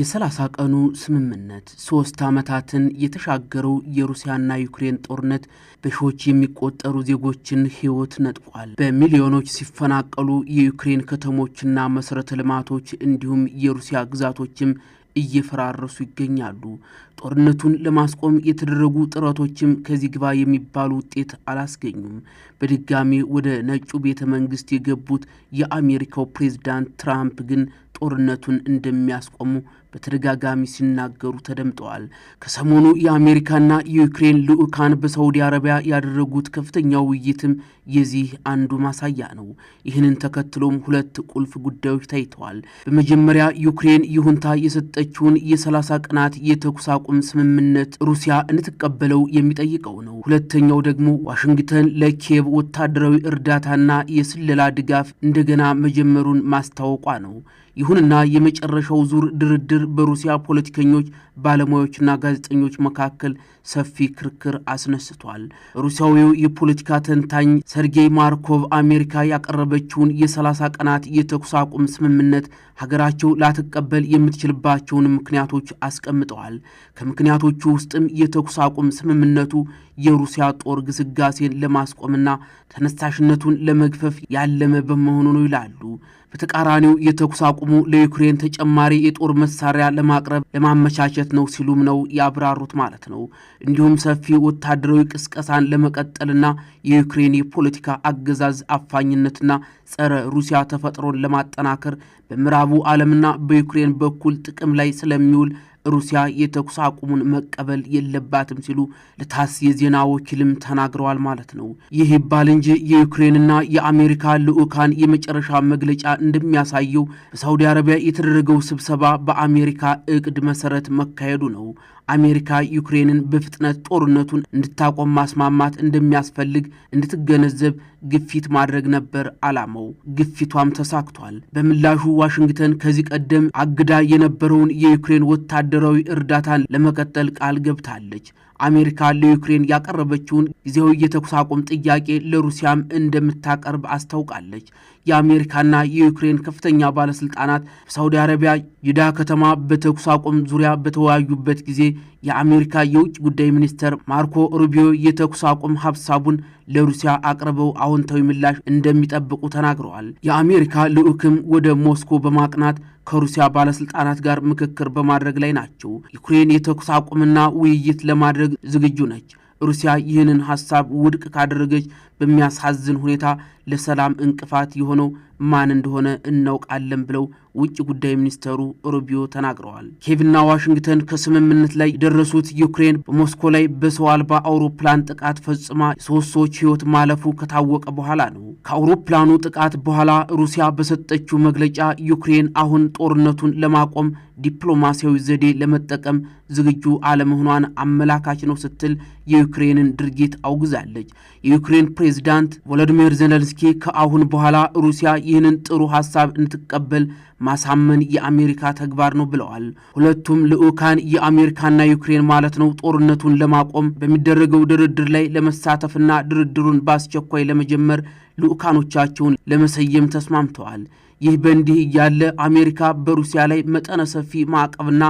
የሰላሳ ቀኑ ስምምነት ሶስት ዓመታትን የተሻገረው የሩሲያና ዩክሬን ጦርነት በሺዎች የሚቆጠሩ ዜጎችን ሕይወት ነጥቋል። በሚሊዮኖች ሲፈናቀሉ የዩክሬን ከተሞችና መሠረተ ልማቶች እንዲሁም የሩሲያ ግዛቶችም እየፈራረሱ ይገኛሉ። ጦርነቱን ለማስቆም የተደረጉ ጥረቶችም ከዚህ ግባ የሚባሉ ውጤት አላስገኙም። በድጋሚ ወደ ነጩ ቤተ መንግስት የገቡት የአሜሪካው ፕሬዝዳንት ትራምፕ ግን ጦርነቱን እንደሚያስቆሙ በተደጋጋሚ ሲናገሩ ተደምጠዋል። ከሰሞኑ የአሜሪካና የዩክሬን ልዑካን በሳውዲ አረቢያ ያደረጉት ከፍተኛ ውይይትም የዚህ አንዱ ማሳያ ነው። ይህንን ተከትሎም ሁለት ቁልፍ ጉዳዮች ታይተዋል። በመጀመሪያ ዩክሬን ይሁንታ የሰጠችውን የ30 ቀናት የተኩስ አቁም ስምምነት ሩሲያ እንድትቀበለው የሚጠይቀው ነው። ሁለተኛው ደግሞ ዋሽንግተን ለኪየቭ ወታደራዊ እርዳታና የስለላ ድጋፍ እንደገና መጀመሩን ማስታወቋ ነው። ይሁንና የመጨረሻው ዙር ድርድር ይህ በሩሲያ ፖለቲከኞች፣ ባለሙያዎችና ጋዜጠኞች መካከል ሰፊ ክርክር አስነስቷል። ሩሲያዊው የፖለቲካ ተንታኝ ሰርጌይ ማርኮቭ አሜሪካ ያቀረበችውን የ30 ቀናት የተኩስ አቁም ስምምነት ሀገራቸው ላትቀበል የምትችልባቸውን ምክንያቶች አስቀምጠዋል። ከምክንያቶቹ ውስጥም የተኩስ አቁም ስምምነቱ የሩሲያ ጦር ግስጋሴን ለማስቆምና ተነሳሽነቱን ለመግፈፍ ያለመ በመሆኑ ነው ይላሉ። በተቃራኒው የተኩስ አቁሙ ለዩክሬን ተጨማሪ የጦር መሳሪያ ለማቅረብ ለማመቻቸት ነው ሲሉም ነው ያብራሩት ማለት ነው። እንዲሁም ሰፊ ወታደራዊ ቅስቀሳን ለመቀጠልና የዩክሬን የፖለቲካ አገዛዝ አፋኝነትና ጸረ ሩሲያ ተፈጥሮን ለማጠናከር በምዕራቡ ዓለምና በዩክሬን በኩል ጥቅም ላይ ስለሚውል ሩሲያ የተኩስ አቁሙን መቀበል የለባትም ሲሉ ለታስ የዜና ወኪልም ተናግረዋል ማለት ነው። ይህ ይባል እንጂ የዩክሬንና የአሜሪካ ልዑካን የመጨረሻ መግለጫ እንደሚያሳየው በሳውዲ አረቢያ የተደረገው ስብሰባ በአሜሪካ እቅድ መሰረት መካሄዱ ነው። አሜሪካ ዩክሬንን በፍጥነት ጦርነቱን እንድታቆም ማስማማት እንደሚያስፈልግ እንድትገነዘብ ግፊት ማድረግ ነበር አላማው። ግፊቷም ተሳክቷል። በምላሹ ዋሽንግተን ከዚህ ቀደም አግዳ የነበረውን የዩክሬን ወታደ ወታደራዊ እርዳታን ለመቀጠል ቃል ገብታለች። አሜሪካ ለዩክሬን ያቀረበችውን ጊዜያዊ የተኩስ አቁም ጥያቄ ለሩሲያም እንደምታቀርብ አስታውቃለች። የአሜሪካና የዩክሬን ከፍተኛ ባለስልጣናት ሳውዲ አረቢያ ጅዳ ከተማ በተኩስ አቁም ዙሪያ በተወያዩበት ጊዜ የአሜሪካ የውጭ ጉዳይ ሚኒስትር ማርኮ ሩቢዮ የተኩስ አቁም ሀሳቡን ለሩሲያ አቅርበው አዎንታዊ ምላሽ እንደሚጠብቁ ተናግረዋል። የአሜሪካ ልዑክም ወደ ሞስኮ በማቅናት ከሩሲያ ባለስልጣናት ጋር ምክክር በማድረግ ላይ ናቸው። ዩክሬን የተኩስ አቁምና ውይይት ለማድረግ ዝግጁ ነች። ሩሲያ ይህንን ሀሳብ ውድቅ ካደረገች በሚያሳዝን ሁኔታ ለሰላም እንቅፋት የሆነው ማን እንደሆነ እናውቃለን ብለው ውጭ ጉዳይ ሚኒስተሩ ሩቢዮ ተናግረዋል። ኬቭና ዋሽንግተን ከስምምነት ላይ የደረሱት ዩክሬን በሞስኮ ላይ በሰው አልባ አውሮፕላን ጥቃት ፈጽማ የሶስት ሰዎች ሕይወት ማለፉ ከታወቀ በኋላ ነው። ከአውሮፕላኑ ጥቃት በኋላ ሩሲያ በሰጠችው መግለጫ ዩክሬን አሁን ጦርነቱን ለማቆም ዲፕሎማሲያዊ ዘዴ ለመጠቀም ዝግጁ አለመሆኗን አመላካች ነው ስትል የዩክሬንን ድርጊት አውግዛለች። የዩክሬን ፕሬዚዳንት ቮሎዲሚር ዘለን ዜሌንስኪ ከአሁን በኋላ ሩሲያ ይህንን ጥሩ ሀሳብ እንድትቀበል ማሳመን የአሜሪካ ተግባር ነው ብለዋል። ሁለቱም ልዑካን የአሜሪካና ዩክሬን ማለት ነው ጦርነቱን ለማቆም በሚደረገው ድርድር ላይ ለመሳተፍና ድርድሩን በአስቸኳይ ለመጀመር ልዑካኖቻቸውን ለመሰየም ተስማምተዋል። ይህ በእንዲህ እያለ አሜሪካ በሩሲያ ላይ መጠነ ሰፊ ማዕቀብና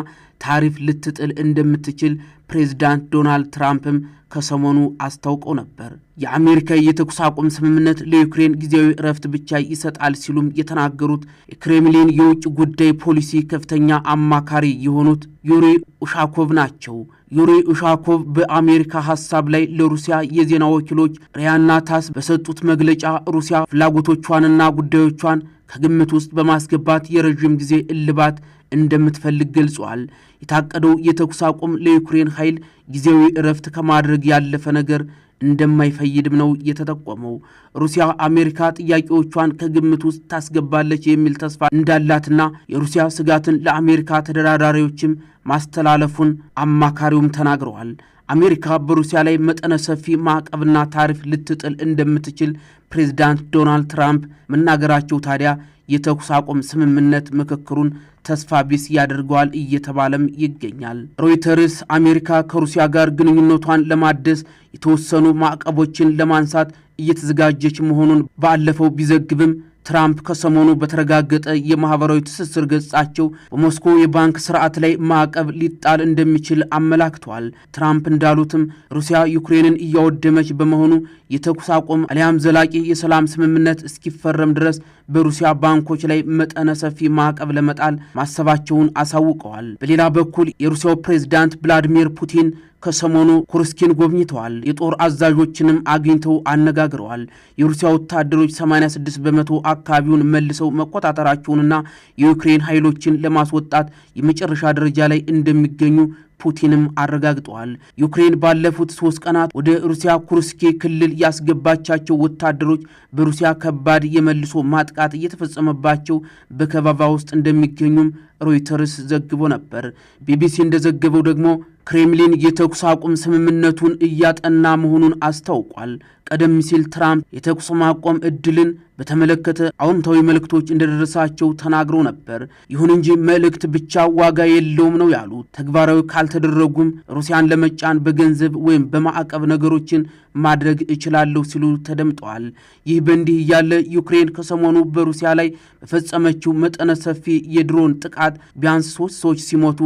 ታሪፍ ልትጥል እንደምትችል ፕሬዚዳንት ዶናልድ ትራምፕም ከሰሞኑ አስታውቀው ነበር። የአሜሪካ የተኩስ አቁም ስምምነት ለዩክሬን ጊዜያዊ እረፍት ብቻ ይሰጣል ሲሉም የተናገሩት የክሬምሊን የውጭ ጉዳይ ፖሊሲ ከፍተኛ አማካሪ የሆኑት ዩሪ ኡሻኮቭ ናቸው። ዩሪ ኡሻኮቭ በአሜሪካ ሀሳብ ላይ ለሩሲያ የዜና ወኪሎች ሪያና ታስ በሰጡት መግለጫ ሩሲያ ፍላጎቶቿንና ጉዳዮቿን ከግምት ውስጥ በማስገባት የረዥም ጊዜ እልባት እንደምትፈልግ ገልጿል። የታቀደው የተኩስ አቁም ለዩክሬን ኃይል ጊዜያዊ እረፍት ከማድረግ ያለፈ ነገር እንደማይፈይድም ነው የተጠቆመው። ሩሲያ አሜሪካ ጥያቄዎቿን ከግምት ውስጥ ታስገባለች የሚል ተስፋ እንዳላትና የሩሲያ ስጋትን ለአሜሪካ ተደራዳሪዎችም ማስተላለፉን አማካሪውም ተናግረዋል። አሜሪካ በሩሲያ ላይ መጠነ ሰፊ ማዕቀብና ታሪፍ ልትጥል እንደምትችል ፕሬዚዳንት ዶናልድ ትራምፕ መናገራቸው ታዲያ የተኩስ አቁም ስምምነት ምክክሩን ተስፋ ቢስ ያደርገዋል እየተባለም ይገኛል። ሮይተርስ አሜሪካ ከሩሲያ ጋር ግንኙነቷን ለማደስ የተወሰኑ ማዕቀቦችን ለማንሳት እየተዘጋጀች መሆኑን ባለፈው ቢዘግብም ትራምፕ ከሰሞኑ በተረጋገጠ የማህበራዊ ትስስር ገጻቸው በሞስኮ የባንክ ስርዓት ላይ ማዕቀብ ሊጣል እንደሚችል አመላክተዋል። ትራምፕ እንዳሉትም ሩሲያ ዩክሬንን እያወደመች በመሆኑ የተኩስ አቁም አሊያም ዘላቂ የሰላም ስምምነት እስኪፈረም ድረስ በሩሲያ ባንኮች ላይ መጠነ ሰፊ ማዕቀብ ለመጣል ማሰባቸውን አሳውቀዋል። በሌላ በኩል የሩሲያው ፕሬዝዳንት ቭላዲሚር ፑቲን ከሰሞኑ ኩርስኪን ጎብኝተዋል። የጦር አዛዦችንም አግኝተው አነጋግረዋል። የሩሲያ ወታደሮች 86 በመቶ አካባቢውን መልሰው መቆጣጠራቸውንና የዩክሬን ኃይሎችን ለማስወጣት የመጨረሻ ደረጃ ላይ እንደሚገኙ ፑቲንም አረጋግጠዋል። ዩክሬን ባለፉት ሶስት ቀናት ወደ ሩሲያ ኩርስኬ ክልል ያስገባቻቸው ወታደሮች በሩሲያ ከባድ የመልሶ ማጥቃት እየተፈጸመባቸው በከባባ ውስጥ እንደሚገኙም ሮይተርስ ዘግቦ ነበር። ቢቢሲ እንደዘገበው ደግሞ ክሬምሊን የተኩስ አቁም ስምምነቱን እያጠና መሆኑን አስታውቋል። ቀደም ሲል ትራምፕ የተኩስ ማቆም እድልን በተመለከተ አዎንታዊ መልእክቶች እንደደረሳቸው ተናግሮ ነበር። ይሁን እንጂ መልእክት ብቻ ዋጋ የለውም ነው ያሉት። ተግባራዊ ካልተደረጉም ሩሲያን ለመጫን በገንዘብ ወይም በማዕቀብ ነገሮችን ማድረግ እችላለሁ ሲሉ ተደምጠዋል። ይህ በእንዲህ እያለ ዩክሬን ከሰሞኑ በሩሲያ ላይ በፈጸመችው መጠነ ሰፊ የድሮን ጥቃት ቢያንስ ሶስት ሰዎች ሲሞቱ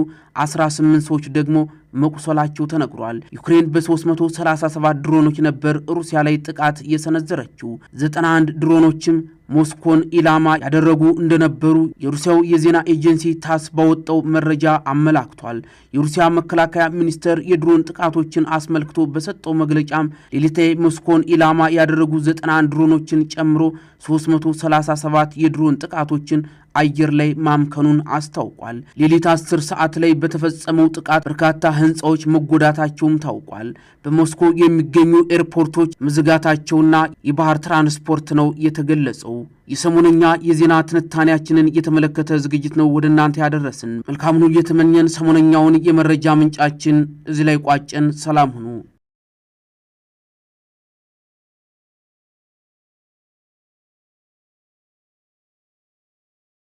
18 ሰዎች ደግሞ መቁሰላቸው ተነግሯል። ዩክሬን በ337 ድሮኖች ነበር ሩሲያ ላይ ጥቃት የሰነዘረችው 91 ድሮኖችም ሞስኮን ኢላማ ያደረጉ እንደነበሩ የሩሲያው የዜና ኤጀንሲ ታስ ባወጣው መረጃ አመላክቷል። የሩሲያ መከላከያ ሚኒስቴር የድሮን ጥቃቶችን አስመልክቶ በሰጠው መግለጫም ሌሊት ሞስኮን ኢላማ ያደረጉ 91 ድሮኖችን ጨምሮ 337 የድሮን ጥቃቶችን አየር ላይ ማምከኑን አስታውቋል። ሌሊት 10 ሰዓት ላይ በተፈጸመው ጥቃት በርካታ ህንፃዎች መጎዳታቸውም ታውቋል። በሞስኮ የሚገኙ ኤርፖርቶች ምዝጋታቸውና የባህር ትራንስፖርት ነው የተገለጸው። የሰሞነኛ የዜና ትንታኔያችንን የተመለከተ ዝግጅት ነው ወደ እናንተ ያደረስን። ሁኑ እየተመኘን ሰሞነኛውን የመረጃ ምንጫችን እዚህ ላይ ቋጨን። ሰላም ሁኑ።